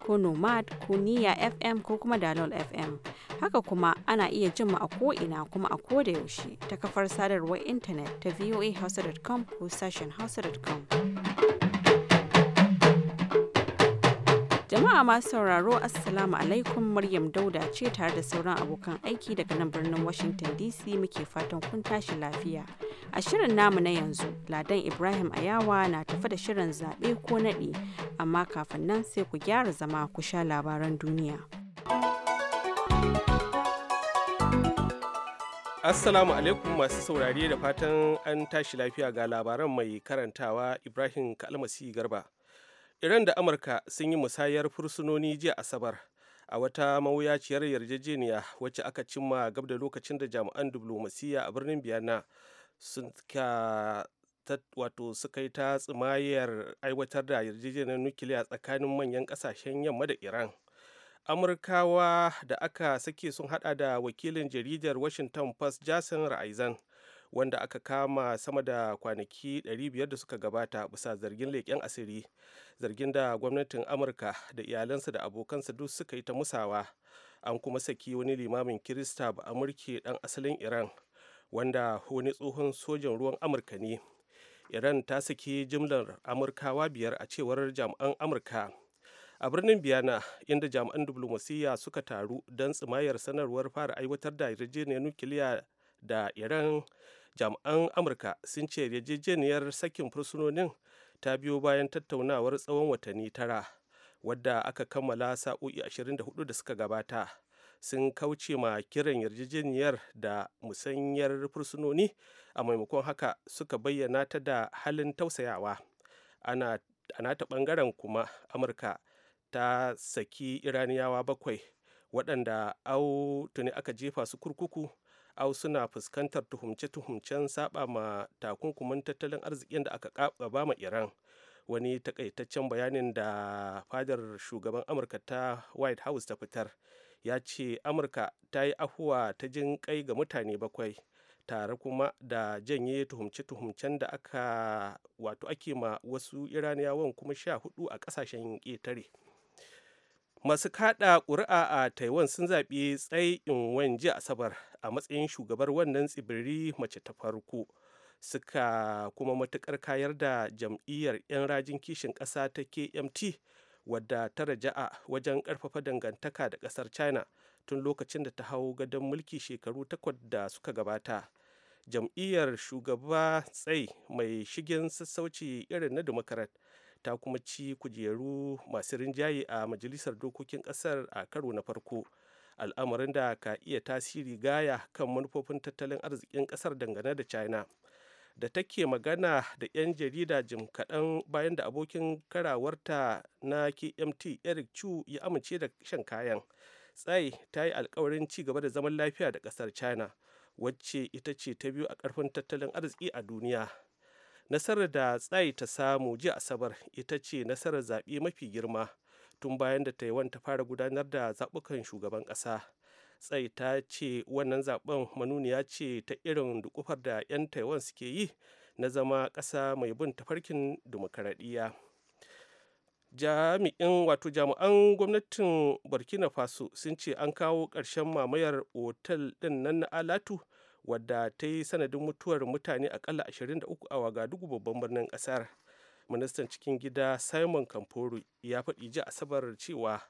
ko nomad ko niya fm ko kuma dalol fm haka kuma ana iya jin mu a ko'ina kuma a koda yaushe ta kafar sadarwar intanet ta voahausa.com ko sashen hausa.com Jama'a masu sauraro Assalamu alaikum Maryam Dauda ce tare da sauran abokan aiki daga nan birnin Washington DC muke fatan kun tashi lafiya. A shirin namu na yanzu, Ladan Ibrahim Ayawa na tafi da shirin zaɓe ko naɗe, amma kafin nan sai ku gyara zama ku sha labaran duniya. Assalamu alaikum masu saurari da fatan an tashi lafiya ga labaran mai karantawa Ibrahim Kalmasi Garba. iran da amurka sun yi musayar fursunoni jiya asabar a wata mawuyaciyar yarjejeniya wacce aka cimma gab da lokacin da jami'an diplomasiya a birnin biyana sun wato suka yi ta tsimayar aiwatar da yarjejeniyar nukiliya tsakanin manyan kasashen yamma da iran amurkawa da aka sake sun hada da wakilin jaridar washington post jason ra'izan wanda aka kama sama da kwanaki 500 da suka gabata bisa zargin leƙen asiri zargin da gwamnatin amurka da iyalansa da abokansa duk suka yi ta musawa an kuma saki wani limamin kirista ba amurke dan asalin iran wanda wani tsohon sojan ruwan amurka ne iran ta saki jimlar amurkawa biyar a cewar jami'an amurka a birnin biyana inda jami'an diplomasiyya suka taru don tsimayar sanarwar fara aiwatar da yarjejeniyar nukiliya da iran jami'an amurka sun ce yarjejeniyar sakin fursunonin ta biyo bayan tattaunawar tsawon watanni tara wadda aka kammala sa'o'i 24 da suka gabata sun kauce ma kiran yarjejeniyar da musanyar fursunoni a maimakon haka suka bayyana ta da halin tausayawa ana ta bangaren kuma amurka ta saki iraniyawa bakwai waɗanda au tuni aka jefa su kurkuku au suna fuskantar tuhumce-tuhumcen saba ma takunkumin tattalin arzikin da aka ba ma iran wani takaitaccen bayanin da fadar shugaban amurka ta white house ta fitar ya ce amurka ta yi afuwa ta jin kai ga mutane bakwai tare kuma da janye tuhumce-tuhumcen da aka wato ake ma wasu iraniyawan kuma sha hudu a kasashen ƙetare. masu kada ƙuri'a a taiwan sun zaɓi tsayin wanji asabar a matsayin shugabar wannan tsibiri mace ta farko suka kuma matukar kayar da jam'iyyar 'yan rajin kishin ƙasa ta kmt wadda ta raja'a wajen ƙarfafa dangantaka da ƙasar china tun lokacin da ta hau gadon mulki shekaru takwas da suka gabata jam'iyyar shugaba tsai mai shigen sassauci irin na demokrat ta kuma ci kujeru masu rinjaye a majalisar dokokin kasar a karo na farko al'amarin da ka iya tasiri gaya kan manufofin tattalin arzikin kasar dangane da china da take magana da 'yan jarida jim kaɗan bayan da abokin karawarta na kmt eric chu ya amince da shan kayan tsaye ta yi alkawarin ci gaba da zaman lafiya da ƙasar china wacce ita ce ta biyu a ƙarfin tattalin arziki a duniya nasarar da tsayi ta samu ji asabar ita ce nasarar zaɓe mafi girma tun bayan da taiwan ta fara gudanar da zaɓukan shugaban ƙasa tsayi ta ce wannan zaɓen manuniya ce ta irin dukufar da 'yan taiwan suke yi na zama ƙasa mai bin tafarkin dimokuraɗiyya jami'in wato jami'an gwamnatin burkina faso sun ce an kawo ƙarshen mamayar otal ɗin nan na alatu wadda ta yi sanadin mutuwar mutane akalla 23 a wagadugu babban birnin kasar ministan cikin gida simon kamforo ya faɗi ji asabar cewa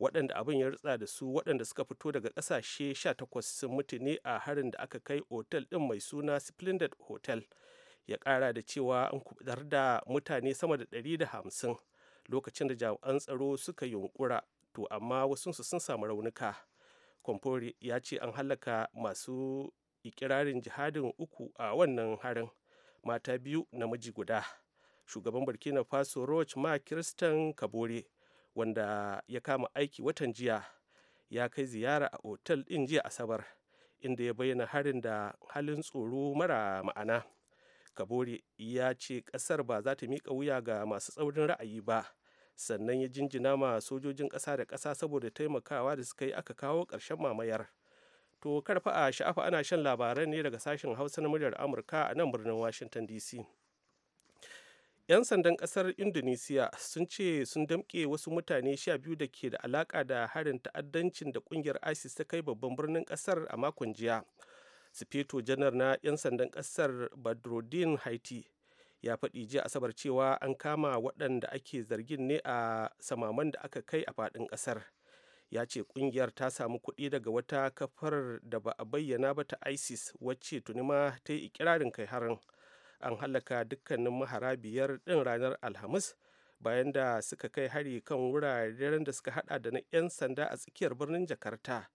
waɗanda abin ya rutsa da su waɗanda suka fito daga ƙasashe 18 sun mutu ne a harin da aka kai otel ɗin mai suna splendid hotel ya ƙara da cewa an kubutar da mutane sama da 150 lokacin da jami'an tsaro suka yunkura to amma wasu sun samu raunuka kwamfori ya ce an halaka masu ikirarin jihadin uku a wannan harin mata biyu namiji guda shugaban burkina faso roch ma kiristan kabore wanda ya kama aiki watan jiya ya kai ziyara a otal ɗin jiya asabar inda ya bayyana harin da halin tsoro mara ma'ana kabore ya ce ƙasar ba za ta miƙa wuya ga masu tsaurin ra'ayi ba sannan ya jinjina ma sojojin ƙasa da ƙasa saboda taimakawa da suka yi aka kawo ƙarshen mamayar To karfa a sha'afa ana shan labaran ne daga sashen Hausa na muryar Amurka a nan birnin Washington DC. 'Yan sandan kasar Indonesia sun ce sun damke wasu mutane sha biyu da ke da alaka da harin ta'addancin da ƙungiyar ISIS ta kai babban birnin kasar a makon jiya. Sufeto janar na 'yan sandan kasar Badrodin Haiti ya faɗi jiya asabar cewa an kama waɗanda ake zargin ne a samaman da aka kai a faɗin ƙasar. ya ce kungiyar ta samu kuɗi daga wata kafar da ba a bayyana ba ta isis wacce tuni ma ta yi ikirarin kai harin an halaka dukkanin mahara biyar ɗin ranar alhamis bayan da suka kai hari kan wuraren da suka hada da na 'yan sanda a tsakiyar birnin jakarta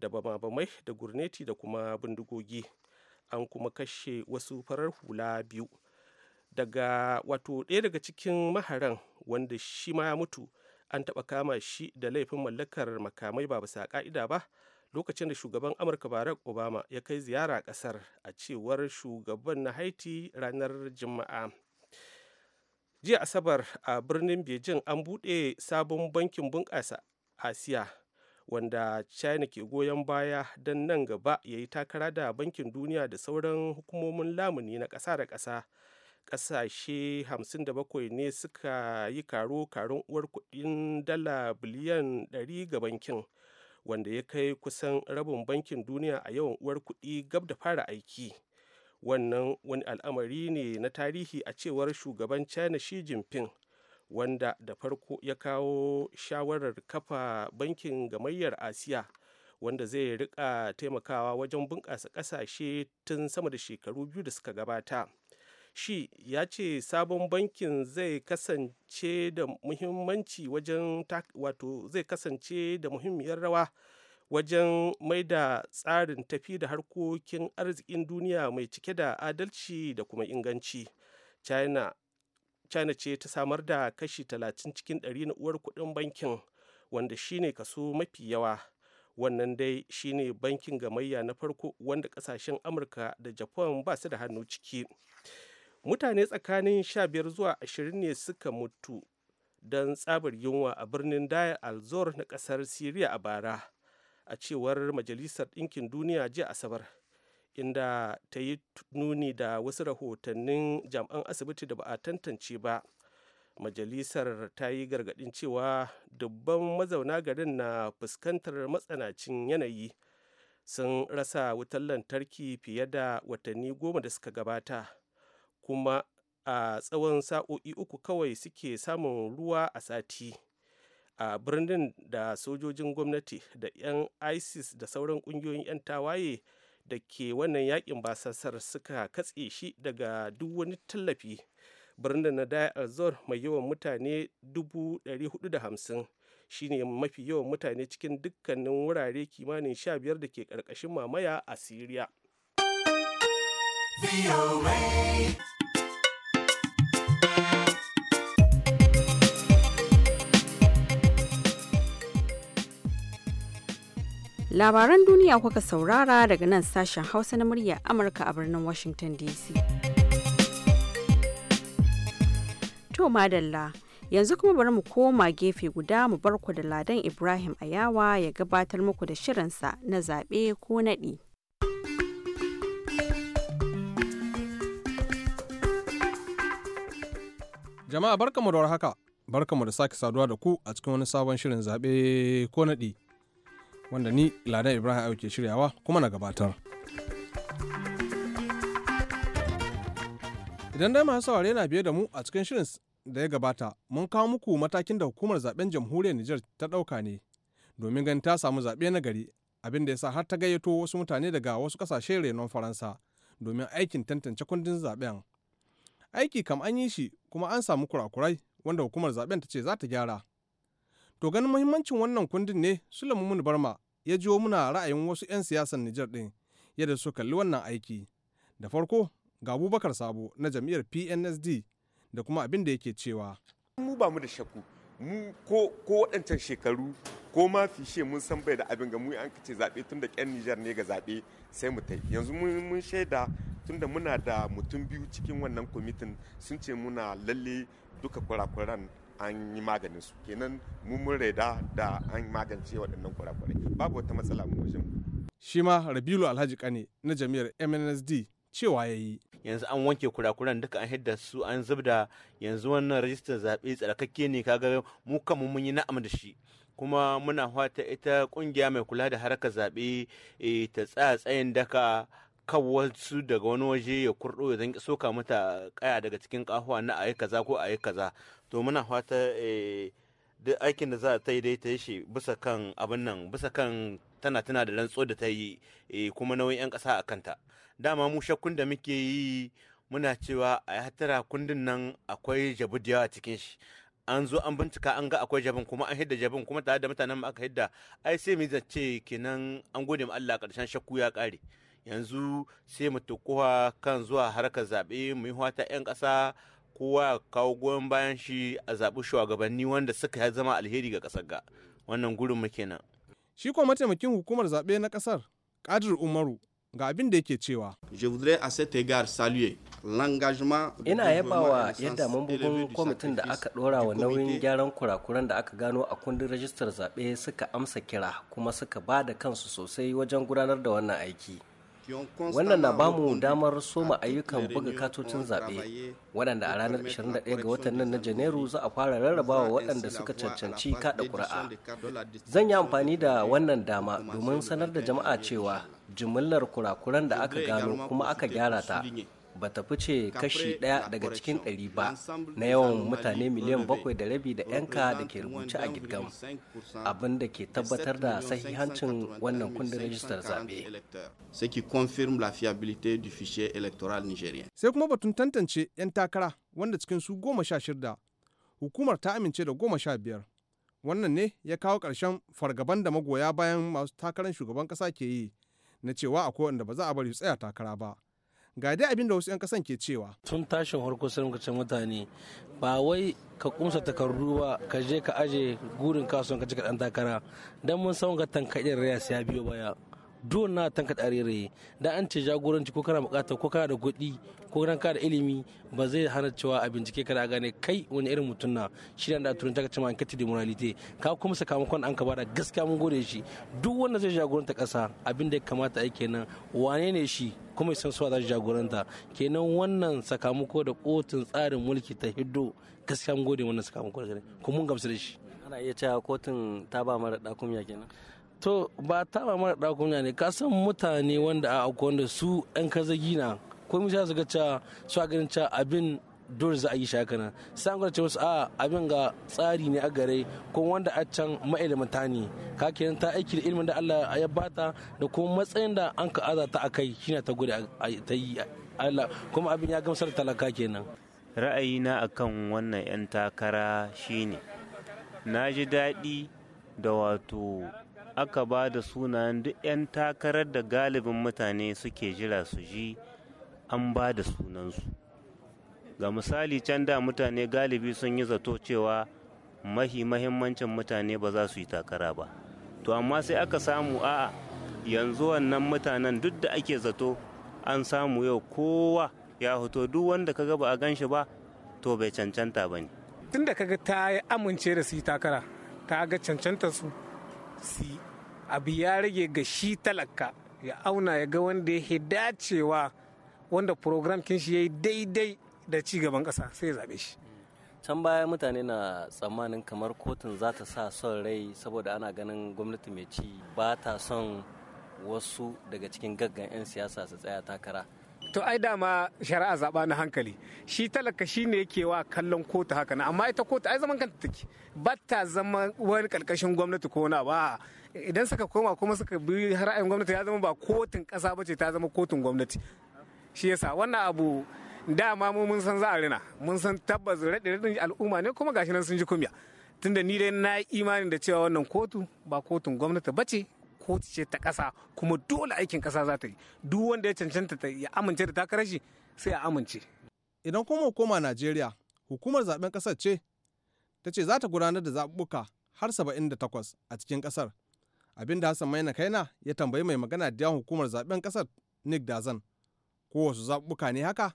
da bama-bamai da gurneti da kuma bindigogi an kuma kashe wasu farar hula biyu daga wato ɗaya daga cikin maharan wanda shi ma ya mutu an taɓa kama shi da laifin mallakar makamai ba bisa ka'ida ba lokacin da shugaban amurka barack obama ya kai ziyara ƙasar a cewar shugaban na haiti ranar juma'a jiya asabar a birnin beijing an buɗe sabon bankin bunƙasa asiya wanda china ke goyon baya don nan gaba ya yi takara da bankin duniya da sauran hukumomin lamuni na ƙasa da ƙasa ƙasashe 57 ne suka yi karo karon uwar kudin dala biliyan 100 ga bankin wanda ya kai kusan rabin bankin duniya a yawan uwar kuɗi gab da fara aiki wannan wani al'amari ne na tarihi a cewar shugaban china shi jinping wanda da farko ya kawo shawarar kafa bankin gamayyar asiya wanda zai rika taimakawa wajen bunƙasa ƙasashe tun sama da shekaru biyu da suka gabata shi ya ce sabon bankin zai kasance da muhimmanci wajen wato zai kasance da muhimmiyar rawa wajen maida tsarin tafi da harkokin arzikin duniya mai cike da adalci da kuma inganci china china ce ta samar da kashi talatin cikin 100 na uwar kudin bankin wanda shine kaso mafi yawa wannan dai shine bankin gamayya na farko wanda kasashen amurka da japan ba su da hannu ciki mutane tsakanin 15 zuwa 20 ne suka mutu don tsabar yunwa a birnin daya alzor na kasar Siriya a bara a cewar majalisar ɗinkin duniya jiya asabar inda ta yi nuni da wasu rahotannin jami'an asibiti da ba a tantance ba majalisar ta yi gargaɗin cewa dubban mazauna garin na fuskantar matsanacin yanayi sun rasa wutar lantarki fiye da watanni goma da suka gabata kuma a tsawon sa'o'i uku kawai suke samun ruwa a sati a birnin da sojojin gwamnati da 'yan isis da sauran kungiyoyin 'yan tawaye da ke wannan yakin basasar suka katse shi daga duk wani tallafi birnin na daya zor mai yawan mutane 450 shine mafi yawan mutane cikin dukkanin wurare kimanin sha biyar da ke karkashin mamaya a syria Labaran duniya kuka saurara daga nan sashen Hausa na murya Amurka a birnin Washington DC. To madalla, yanzu kuma bari mu koma gefe guda mu bar ku da Ladan Ibrahim Ayawa ya gabatar muku da shirinsa na zaɓe ko naɗi. Jama'a barkamu da warhaka, barkamu da sake saduwa da ku a cikin wani sabon shirin zabe ko naɗi. wanda ni Ladan Ibrahim Ayo ke shiryawa kuma na gabatar. Idan dai masu saurare na biye da mu a cikin shirin da ya gabata, mun kawo muku matakin da hukumar zaben jamhuriyar Nijar ta ɗauka ne domin ganin ta samu zaɓe na gari, abin da ya sa har ta gayyato wasu mutane daga wasu ƙasashe renon Faransa domin aikin tantance kundin zaben. Aiki kam an yi shi kuma an samu kurakurai wanda hukumar zaben ta ce za ta gyara. To ganin muhimmancin wannan kundin ne Sulaiman Barma ya jiwo muna ra'ayin wasu 'yan siyasar Nijar ɗin yadda su kalli wannan aiki. Da farko ga Abubakar Sabo na jam'iyyar PNSD da kuma abin da yake cewa. Mu ba mu da shakku mu ko waɗancan shekaru ko ma fishe mun san bai da abin ga mu an kace zaɓe tun da ƙyan Nijar ne ga zaɓe sai mu tai yanzu mun shaida tun da muna da mutum biyu cikin wannan kwamitin sun ce muna lalle duka kurakuran an yi maganin su kenan mu mun reda da an magance waɗannan kurakurai babu wata matsala mu wajen shi ma rabilu alhaji kane na jami'ar mnsd cewa ya yi yanzu an wanke kurakuran duka an hidda su an zubda yanzu wannan rajistar zaɓe tsarkake ne kaga mu kanmu mun yi na'am da shi kuma muna fata ita kungiya mai kula da harkar zaɓe eh, ta tsaya tsayin daka kawo wasu daga wani waje ya kurɗo ya zanki soka mata kaya daga cikin kahuwa na ayi kaza ko ayi kaza to muna fata eh, duk aikin da za ta yi dai ta yi shi bisa kan abin nan bisa kan tana tana da rantso da ta yi eh, kuma nauyin 'yan ƙasa a kanta dama mu shakkun da muke yi muna cewa a hatara kundin nan akwai jabu da yawa cikin shi an zo an bincika an ga akwai jabin kuma an hidda jabin kuma tare da mutanen aka hidda ai sai mu zace kenan an gode ma Allah karshen shakku ya kare yanzu sai mu tukuwa kan zuwa harkar zaɓe mu yi wata 'yan ƙasa kowa kawo goyon bayan shi a zaɓi shugabanni wanda suka zama alheri ga ƙasar ga wannan gurin muke nan. Shi ko mataimakin hukumar zaɓe na ƙasar Kadir Umaru ga abin da yake cewa. Je voudrais à cet égard saluer l'engagement Ina yabawa yadda mambobin kwamitin da aka ɗora wa nauyin gyaran kurakuran da aka gano a kundin rajistar zaɓe suka amsa kira kuma suka ba da kansu sosai wajen gudanar da wannan aiki. Wannan na bamu damar soma ayyukan buga katocin zaɓe waɗanda a ranar 21 ga watan nan na Janairu za a fara rarrabawa waɗanda suka cancanci kaɗa ƙuri'a. Zan yi amfani da wannan dama domin sanar da jama'a cewa jimillar kurakuran da aka gano kuma aka gyara ta ba ta fice kashi ɗaya daga cikin ɗari ba na yawan mutane miliyan bakwai da rabi da 'yanka da ke rubuce a gidgam abin da ke tabbatar da sahihancin wannan kundin rajistar zaɓe. Sai kuma batun tantance 'yan takara wanda cikin su goma sha shirda hukumar ta amince da goma sha biyar. Wannan ne ya kawo ƙarshen fargaban da magoya bayan masu takarar shugaban ƙasa ke yi na cewa akwai wanda ba za a bari tsaya takara ba. ga dai abin da wasu 'yan kasan ke cewa tun tashin harko sai mutane ba wai ka kumsa takardu ba ka je ka aje gurin kasuwan ka cika dan takara dan mun san ka tankaɗin rayas ya biyo baya duwan na tanka tsarere da an ce jagoranci ko kana bukata ko kana da kuɗi ko kana ka da ilimi ba zai hana cewa a bincike kana gane kai wani irin mutum na shi da turin ta cewa enquête de moralité ka kuma sakamakon an ka bada gaskiya mun gode shi duk wanda zai jagoranta ƙasa abin da ya kamata ai kenan wane ne shi kuma san suwa za jagoranta kenan wannan sakamako da kotun tsarin mulki ta hiddo gaskiya mun gode wannan sakamako da kuma mun gamsu da shi ana iya cewa kotun ta ba mara ɗakumiya kenan to ba ba mara ɗakunya ne ka san mutane wanda a akwai wanda su ɗan kazagi na ko mu shaka cewa su ganin cewa abin dole za a yi shaka na sai an cewa a abin ga tsari ne a gare ko wanda a can ma'ilimta ne ka ta aiki da ilimin da Allah ya bata da kuma matsayin da an ka aza ta akai shine ta gode ta yi Allah kuma abin ya gamsar talaka kenan ra'ayina akan wannan 'yan takara shine na ji daɗi da wato aka ba da sunayen duk 'yan takarar da galibin mutane suke jira su ji an ba da sunansu ga misali can da mutane galibi sun yi zato cewa mahi mahimmancin mutane ba za su yi takara ba to amma sai aka samu a'a yanzu wannan mutanen duk da ake zato an samu yau kowa ya hoto duk wanda kaga ba a gan shi ba to bai cancanta ba ne tun da kaga ta amince da su yi takara ta ga cancanta su abu ya rage ga shi talaka ya auna ya ga wanda ya dacewa wanda program kin shi ya yi daidai da ci gaban ƙasa sai ya zaɓe shi can baya mutane na tsammanin kamar kotun za ta sa son rai saboda ana ganin gwamnati mai ci ba ta son wasu daga cikin gaggan 'yan siyasa su tsaya takara to ai dama shari'a zaɓa na hankali shi talaka shi ne yake wa kallon kotu haka na amma ita kotu ai zaman kanta take ba ta zama wani ƙarƙashin gwamnati ko na ba idan suka koma kuma suka bi ra'ayin gwamnati ya zama ba kotun kasa ba ce ta zama kotun gwamnati shi yasa wannan abu dama mu mun san za a rina mun san tabbas raɗe-raɗin al'umma ne kuma gashi nan sun ji kumya tunda ni dai na imanin da cewa wannan kotu ba kotun gwamnati ba ce kotu ce ta ƙasa kuma dole aikin ƙasa za ta yi duk wanda ya cancanta ta ya amince da takarar shi sai a amince. idan kuma koma najeriya hukumar zaben ƙasar ce ta ce za ta gudanar da zab'uka har 78 a cikin ƙasar Abin da hassan maina kaina ya tambayi mai magana da yawan hukumar zaben kasar nick dazan ko wasu zaɓuɓɓuka ne haka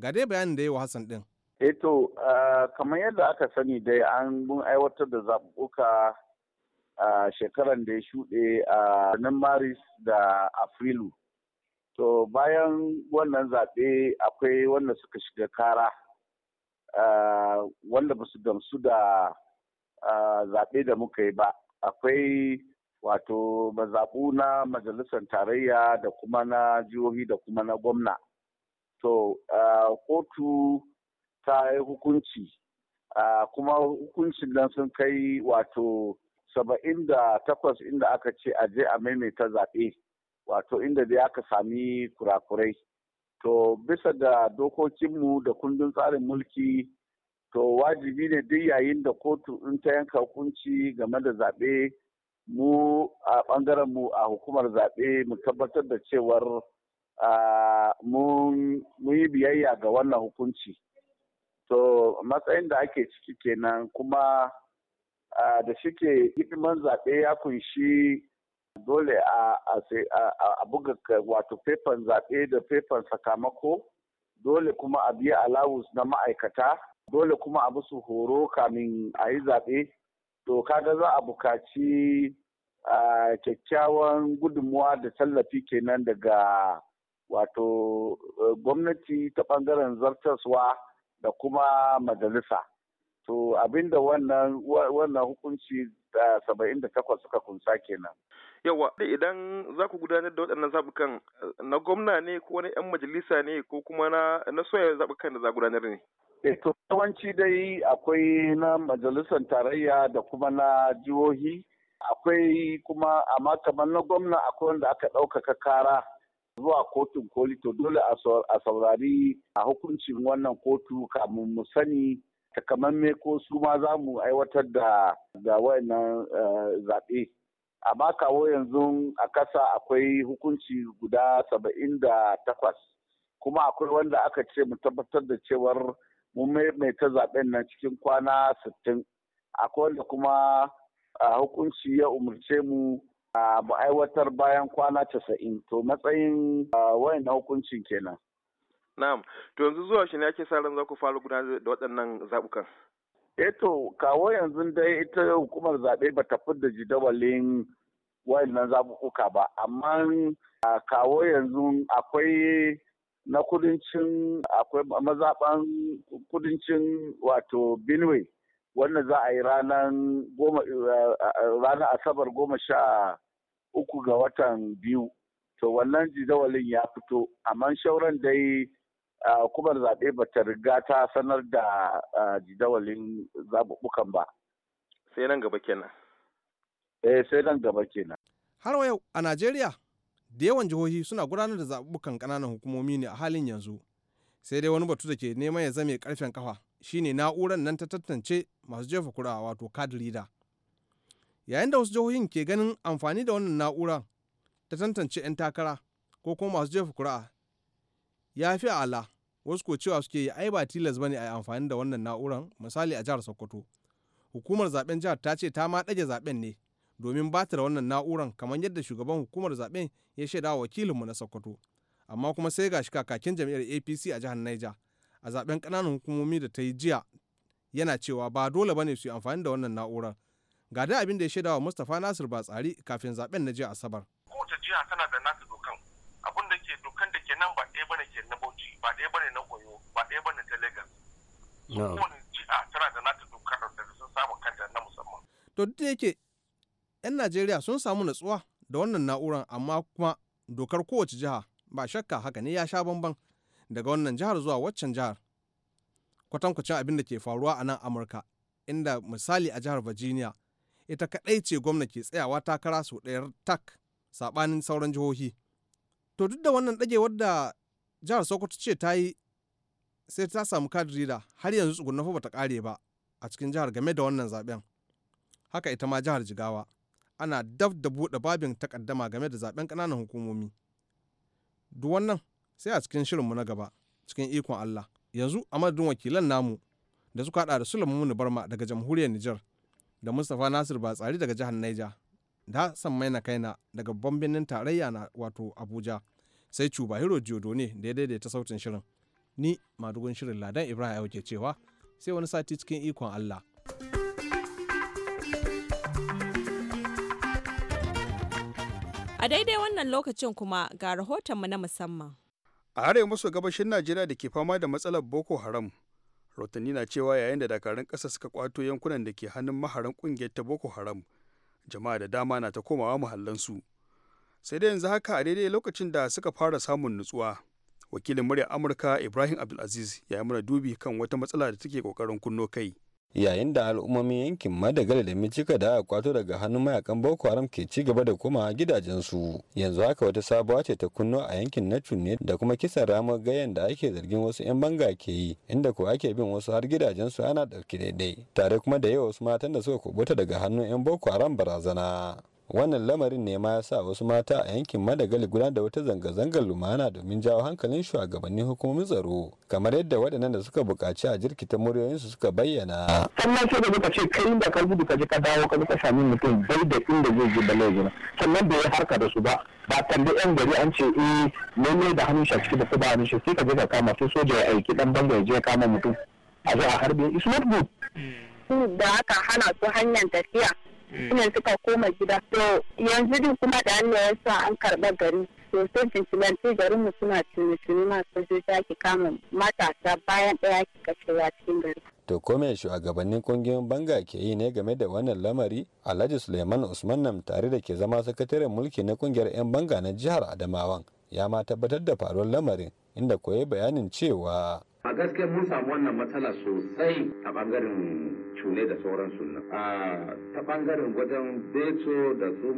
ga dai bayanin da yi wa hassan din eto eh kamar yadda aka sani dai an mun aiwatar da zaɓuɓɓuka a shekaran da ya shuɗe a nan maris da afrilu to bayan wannan zaɓe akwai wanda suka shiga kara wanda ba su gamsu da zaɓe da muka yi ba akwai wato mazaɓu na majalisar tarayya da kuma na jihohi da kuma na gwamna. To, kotu ta yi hukunci, kuma hukuncin nan sun kai wato saba'in da takwas inda aka ce a je a maimaita zaɓe, wato inda dai aka sami kurakurai. To, bisa da dokokinmu da kundin tsarin mulki, to wajibi ne duk yayin da kotu in ta yanka hukunci game da zaɓe mu a bangaren mu a hukumar zaɓe mu tabbatar da cewar mun yi biyayya ga wannan hukunci to matsayin da ake ciki kenan kuma da shike hidiman zaɓe ya kunshi dole a buga wato fefan zaɓe da fefan sakamako dole kuma a biya alawus na ma'aikata dole kuma a musu horo kamin a yi zaɓe to kaga za a bukaci kyakkyawan gudunmuwa da tallafi kenan daga wato eh, gwamnati ta bangaren zartaswa da kuma majalisa to abinda wannan wannan hukunci da eh, saba'in da takwas suka kunsa kenan yawa idan za ku gudanar da waɗannan zaɓukan eh, na gwamna ne ko na 'yan majalisa ne ko kuma na soya zaɓukan da za gudanar ne Eh, to yawanci dai akwai na majalisar tarayya da kuma na jihohi akwai kuma amma kamar na gwamna akwai wanda aka ɗaukaka kara zuwa kotun koli to dole a saurari a hukuncin wannan kotu kamun mu sani takamamme ko su ma za mu aiwatar da da wayannan eh, zaɓe amma kawo yanzu a kasa akwai hukunci guda saba'in da takwas kuma akwai wanda aka ce mu tabbatar da cewar mun maimaita zaben nan cikin kwana sittin akwai wanda kuma hukunci ya umarce mu mu aiwatar bayan kwana casa'in to matsayin wayan hukuncin kenan na'am to yanzu zuwa shi ne ake sa ran za ku fara gudanar da waɗannan zaɓukan eto eh kawo yanzu dai ita hukumar zaɓe ba ta da jidawalin wayannan zaɓuɓɓuka ba amma kawo yanzu akwai na kudincin akwai mazaɓan kudancin wato Benue wanda za a yi ranar asabar goma sha uku ga watan biyu to wannan jidawalin ya fito amma shauran dai hukumar zaɓe ba ta riga ta sanar da jidawalin zaɓuɓɓukan ba sai nan gaba kenan eh sai nan gaba kenan har yau a najeriya da yawan jihohi suna gudanar da zaɓuɓɓukan ƙananan hukumomi ne a halin yanzu sai dai wani batu da ke neman ya zame karfen kafa shine na'urar nan ta tantance masu jefa kura wato card reader yayin da wasu jihohin ke ganin amfani da wannan na'urar ta tantance 'yan takara ko kuma masu jefa kura ya fi ala wasu ko cewa suke yi ai ba tilas bane a yi amfani da wannan na'urar misali a jihar sokoto hukumar zaben jihar ta ce ta ma ɗage zaben ne domin batar wannan na'uran kamar yadda shugaban hukumar zaben ya shaida wa wakilinmu na sokoto amma kuma sai gashi kakakin jam'iyyar apc a jihar niger a zaben kananan hukumomi da ta yi jiya yana cewa ba dole bane su yi amfani da wannan na'urar ga da abin da ya shaida wa mustapha nasir batsari kafin zaben na jiya asabar kowace jiya tana da nasu dokan abin da ke dokan da ke nan ba ɗaya bane ke na bauchi ba ɗaya bane na oyo ba ɗaya bane ta lagos kowane jiya tana da nata dokan da sun samu kanta na musamman to duk da yake 'yan Najeriya sun samu natsuwa da wannan na'uran amma kuma dokar kowace jiha ba shakka haka ne ya sha bamban daga wannan jihar zuwa waccan jihar. Kwatankwacin abin da ke faruwa a nan Amurka inda misali a jihar Virginia ita kaɗai ce gwamna ke tsayawa takara sau ɗayar tak saɓanin sauran jihohi. To duk da wannan ɗagewar wadda jihar Sokoto ce ta yi sai ta samu kadiri da har yanzu ba bata ƙare ba a cikin jihar game da wannan zaɓen Haka ita ma jihar Jigawa. ana daf da buɗe babin takaddama game da zaben ƙananan hukumomi duk wannan sai a cikin shirin mu na gaba cikin ikon Allah yanzu a madadin wakilan namu da suka hada da Sulaiman Barma daga jamhuriyar Nijar da Mustapha Nasir Batsari daga jihar Niger da Hassan Maina Kaina daga babban birnin tarayya na wato Abuja sai Cuba Hiro ne da ya daidaita sautin shirin ni madugun shirin Ladan Ibrahim ke cewa sai wani sati cikin ikon Allah A daidai wannan lokacin kuma ga rahotonmu na musamman. A arewa maso gabashin Najeriya da ke fama da matsalar Boko Haram, rahotanni na cewa yayin da dakarun ƙasa suka kwato yankunan da ke hannun maharan ƙungiyar ta Boko Haram, jama'a da dama na ta komawa muhallansu. Sai dai yanzu haka a daidai lokacin da suka fara samun nutsuwa. Wakilin muryar Amurka Ibrahim Abdulaziz ya yi mana dubi kan wata matsala da take ƙoƙarin kunno kai. yayin da al'ummomin yankin madagal da mijika da aka kwato daga hannun mayakan boko haram ke ci gaba da komawa gidajensu yanzu haka wata sabuwa ce ta kunno a yankin na cunne da kuma kisan ramar gayan da ake zargin wasu 'yan banga ke yi inda ko ake bin wasu har gidajensu ana ɗauki daidai tare kuma da yawa wasu matan da suka kubuta daga hannun 'yan boko haram barazana wannan lamarin ne ma ya sa wasu mata a yankin madagali gudanar da wata zanga-zangar lumana domin jawo hankalin shugabannin hukumomin tsaro kamar yadda waɗannan da suka buƙaci a jirkita muryoyinsu suka bayyana. sannan sai da muka ce kai da ka gudu ka je ka dawo ka ka sami mutum bai da inda zai je ba laifin sannan bai yi harka da su ba ba tambayi yan gari an ce eh lalle da hannun shi a ciki da ba hannun shi sai ka je ka kama sai soja ya aiki dan banga ya je kama mutum a zo a harbe is not good. da aka hana su hanyar tafiya shine suka koma gida to yanzu din kuma da Allah ya sa an karba gari sosai sai garin mu suna tuni-tuni masu sojoji ake kama matasa bayan ɗaya ake ya cikin gari to kome shugabannin kungiyoyin banga ke yi ne game da wannan lamari alhaji suleiman usman nam tare da ke zama sakataren mulki na kungiyar 'yan banga na jihar adamawan ya ma tabbatar da faruwar lamarin inda koyi bayanin cewa a gaske mun samu wannan matsala sosai a bangaren cune da sauran sunna a ta bangaren wajen beto da su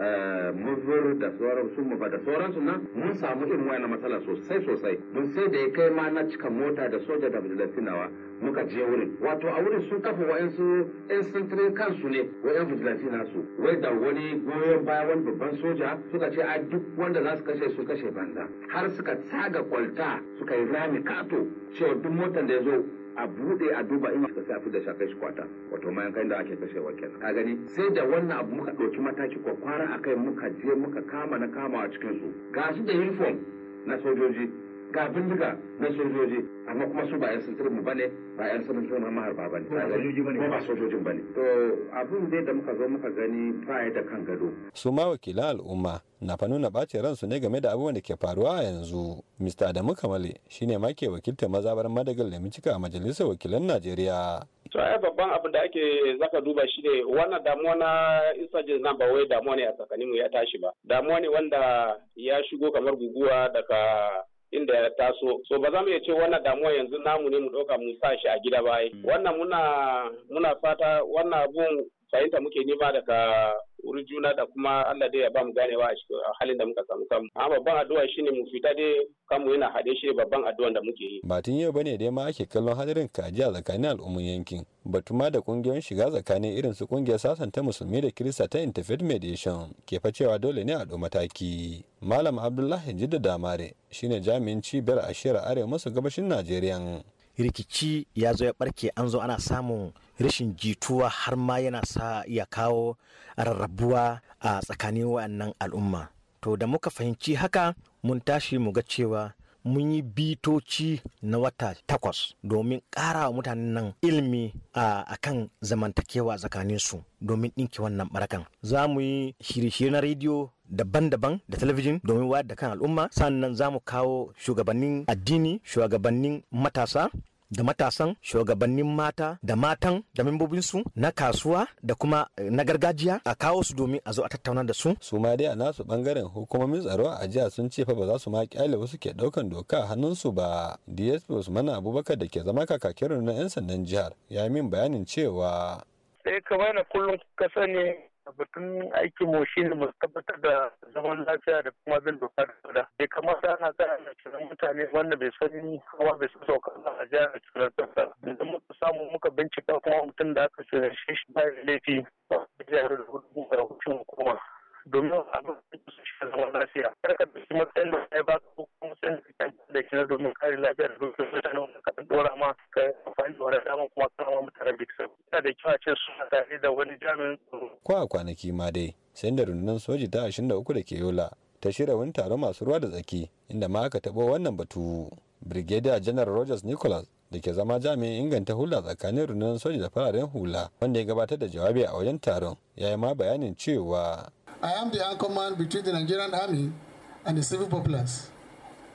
eh, da sauran su ba da sauran sunna mun samu irin wannan matsala sosai sosai mun sai da ya kai ma na cika mota da soja da filatinawa muka je wurin wato a wurin sun kafa wa'yansu 'yan sintiri kansu ne wa 'yan nasu wai da wani goyon baya wani babban soja suka ce a duk wanda za su kashe su kashe banza har suka tsaga kwalta suka yi rami kato cewa duk motar da ya zo a bude a duba in ka a da shafe shi kwata wato mayan kai da ake wa kenan ka gani sai da wannan abu muka ɗauki mataki kwakwara akai muka je muka kama na kama a cikin su ga su da uniform na sojoji ga bindiga na sojoji amma kuma su ba 'yan sintirin mu bane ba 'yan sanin sunan maharba ba ne ba sojojin bane to abin dai da muka zo muka gani ba da kan gado su ma wakilan al'umma na fa nuna bacin ransu ne game da abubuwan da ke faruwa a yanzu mr adamu kamale shine ma ke wakiltar mazabar madagal da micika a majalisar wakilan najeriya to ai babban abin da ake zaka duba shi ne wannan damuwa na insurgents nan ba wai damuwa ne a tsakaninmu ya tashi ba damuwa ne wanda ya shigo kamar guguwa daga inda ya taso so ba za mu iya ce wannan damuwa yanzu namu ne mu ɗauka mu sa shi a gida ba hmm. wannan muna muna fata wannan abun fahimta muke nema daga wurin juna da kuma Allah dai ya ba mu ganewa a halin da muka samu kanmu amma babban addu'a ne, mu fita dai kanmu yana haɗe shi babban addu'an da muke yi ba tun yau ba bane dai ma ake kallon hadarin kaji a tsakanin al'ummar yankin batu ma da kungiyoyin shiga tsakanin irin su kungiyar sasanta musulmi da kirista ta interfaith mediation ke fa cewa dole ne a ɗau mataki malam abdullahi jidda damare shine jami'in cibiyar a ashirar arewa maso gabashin najeriya rikici ya zo ya barke an zo ana samun rashin jituwa har ma yana sa ya kawo rarrabuwa a tsakanin wa'annan al'umma to da muka fahimci haka mun tashi mu ga cewa mun yi bitoci na wata takwas domin ƙara wa mutanen nan ilmi a kan zamantakewa tsakaninsu domin ɗinki wannan barakan za mu yi shirye-shirye na rediyo daban-daban da talabijin domin wayar da kan al'umma sannan za mu kawo shugabannin addini shugabannin matasa da matasan shugabannin mata da matan da membobinsu na kasuwa da kuma eh, na gargajiya a kawo su domin a zo a tattauna da su. su ma dai a nasu bangaren hukumomin tsaro a jiya sun ce fa ba za su ma kyale wasu ke daukan doka a hannunsu ba dsp usman abubakar da ke zama kakakin na 'yan sandan jihar ya min bayanin cewa sai eh, kamar yana kullum ka sani batun aikin mu ne mu tabbatar da zaman lafiya da kuma bin doka da tsada bai kamata ana tsaya a cikin mutane wanda bai san hawa bai san sauka a jiya a cikin tsada da muka samu muka bincika kuma mutum da aka cire shi shi bayan laifi ba a jiya da hudu da hukuma domin abin da su shi lafiya kar ka dauki matsayin da kai ba ka ko kuma matsayin da kai da kina domin kare lafiyar dukkan mutane wanda ka dora ma ka amfani da wani dama kuma ka ma mutane bi kisa yana da kyau a ce suna tare da wani jami'in tsaro. ko a kwanaki ma dai sai da rundunar soji ta ashirin da uku da ke yola ta shirya wani taro masu ruwa da tsaki inda ma aka taɓo wannan batu brigadier general rogers nicholas da ke zama jami'in inganta hula tsakanin rundunar soja da fararen hula wanda ya gabatar da jawabi a wajen taron ya yi ma bayanin cewa I am the man between the Nigerian army and the civil populace.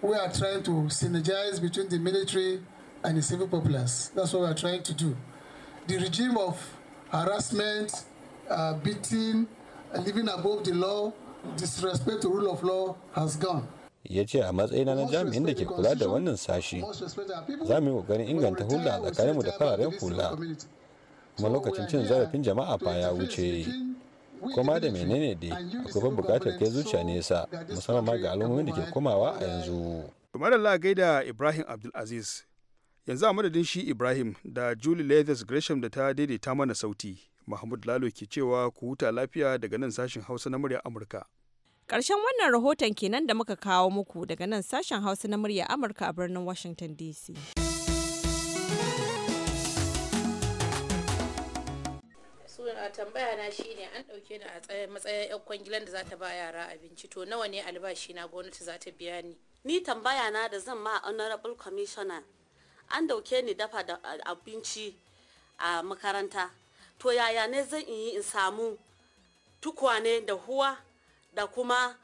We are trying to synergize between the military and the civil populace. That's what we are trying to do. The regime of harassment, uh, beating, living above the law, disrespect to rule of law has gone. ya ce a matsayina na jami'in da ke kula da wannan sashi za mu yi kokarin inganta hulɗa tsakaninmu da fararen hula kuma lokacin cin zarafin jama'a ya wuce kuma da menene dai akwai bukatar kai zuciya nesa musamman ma ga al'ummomin da ke komawa a yanzu madalla gaida ibrahim abdulaziz yanzu a madadin shi ibrahim da julie leathers gresham da ta daidaita mana sauti mahmud lalo ke cewa ku huta lafiya daga nan sashen hausa na murya amurka Ƙarshen wannan rahoton kenan da muka kawo muku daga nan sashen Hausa na murya Amurka a birnin Washington DC. tambaya na shine an ɗauke ni a matsayin 'yan kwangilan da za ta ba yara abinci to nawa ne albashi na gwamnati za ta biya ni ni tambaya na da zan ma honorable commissioner an dauke ni dafa da abinci a makaranta to yaya ne zan yi in samu tukwane da huwa da kuma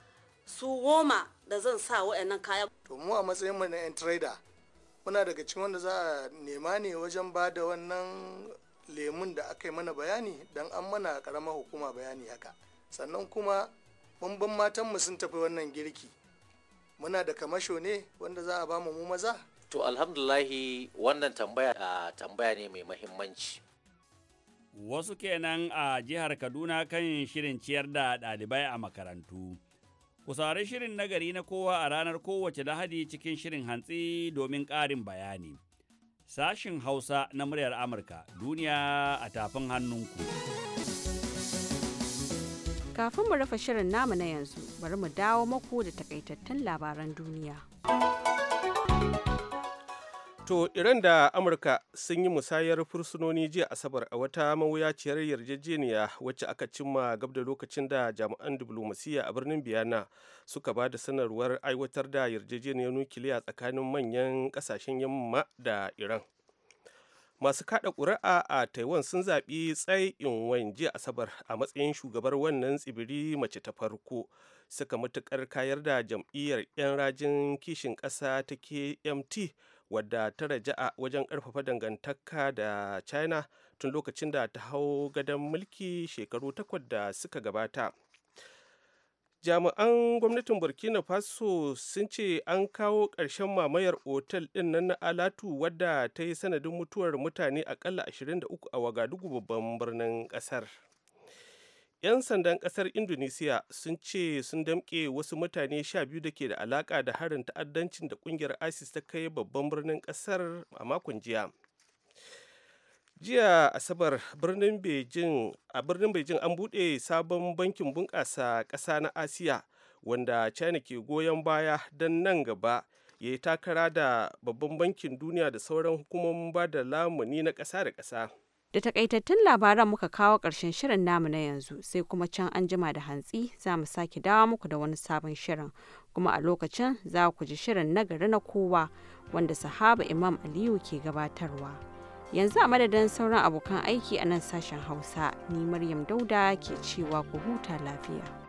su goma da zan sa wa'annan kaya to mu a matsayin mu na yan trader muna daga cikin wanda za a nema ne wajen ba da wannan lemun da aka yi mana bayani don an mana karamar hukuma bayani haka sannan kuma bamban matanmu sun tafi wannan girki muna da kamasho ne wanda za a ba mu maza to alhamdulahi wannan tambaya a tambaya ne mai mahimmanci wasu kenan a jihar kaduna kan shirin ciyar da ɗalibai a makarantu ku shirin nagari na kowa a ranar kowace lahadi cikin shirin hantsi domin ƙarin bayani. Sashin Hausa na muryar Amurka duniya a tafin hannunku. Kafin mu rufe shirin namu na yanzu, bari mu dawo maku da takaitattun labaran duniya. To Iran da Amurka sun yi musayar fursunoni jiya Asabar a wata mawuyaciyar yarjejeniya wacce aka cimma gab da lokacin da jami'an diflomasiyya a birnin Biyana suka ba da sanarwar aiwatar da yarjejeniyar nukiliya tsakanin manyan kasashen yamma da Iran. Masu kada ƙuri'a a Taiwan sun zaɓi Tsai in wen jiya Asabar a matsayin shugabar wannan tsibiri mace ta farko. Suka matuƙar kayar da jam'iyyar 'yan rajin kishin ƙasa ta KMT wadda ta raja'a wajen karfafa dangantaka da china tun lokacin da ta hau gadon mulki shekaru takwas da suka gabata jami'an gwamnatin burkina faso sun ce an kawo ƙarshen mamayar otal ɗin nan na alatu wadda ta yi sanadin mutuwar mutane akalla 23 a wagadugu babban birnin ƙasar 'Yan sandan kasar Indonesiya sun ce sun damƙe wasu mutane sha biyu da ke da alaƙa da harin ta'addancin da ƙungiyar ISIS ta kai babban birnin ƙasar a makon jiya. Jiya Asabar birnin Beijing a birnin Beijing an buɗe sabon bankin bunƙasa ƙasa na Asiya wanda China ke goyon baya don nan gaba ya yi takara da babban bankin duniya da sauran hukumomin ba da lamuni na ƙasa da ƙasa. Da takaitattun labaran muka kawo ƙarshen shirin namu na yanzu sai kuma can an jima da hantsi za mu sake dawo muku da wani sabon shirin kuma a lokacin za ku ji shirin na gari na kowa wanda sahaba Imam Aliyu ke gabatarwa. Yanzu a madadin sauran abokan aiki a nan sashen Hausa, ni Maryam Dauda ke cewa ku huta lafiya.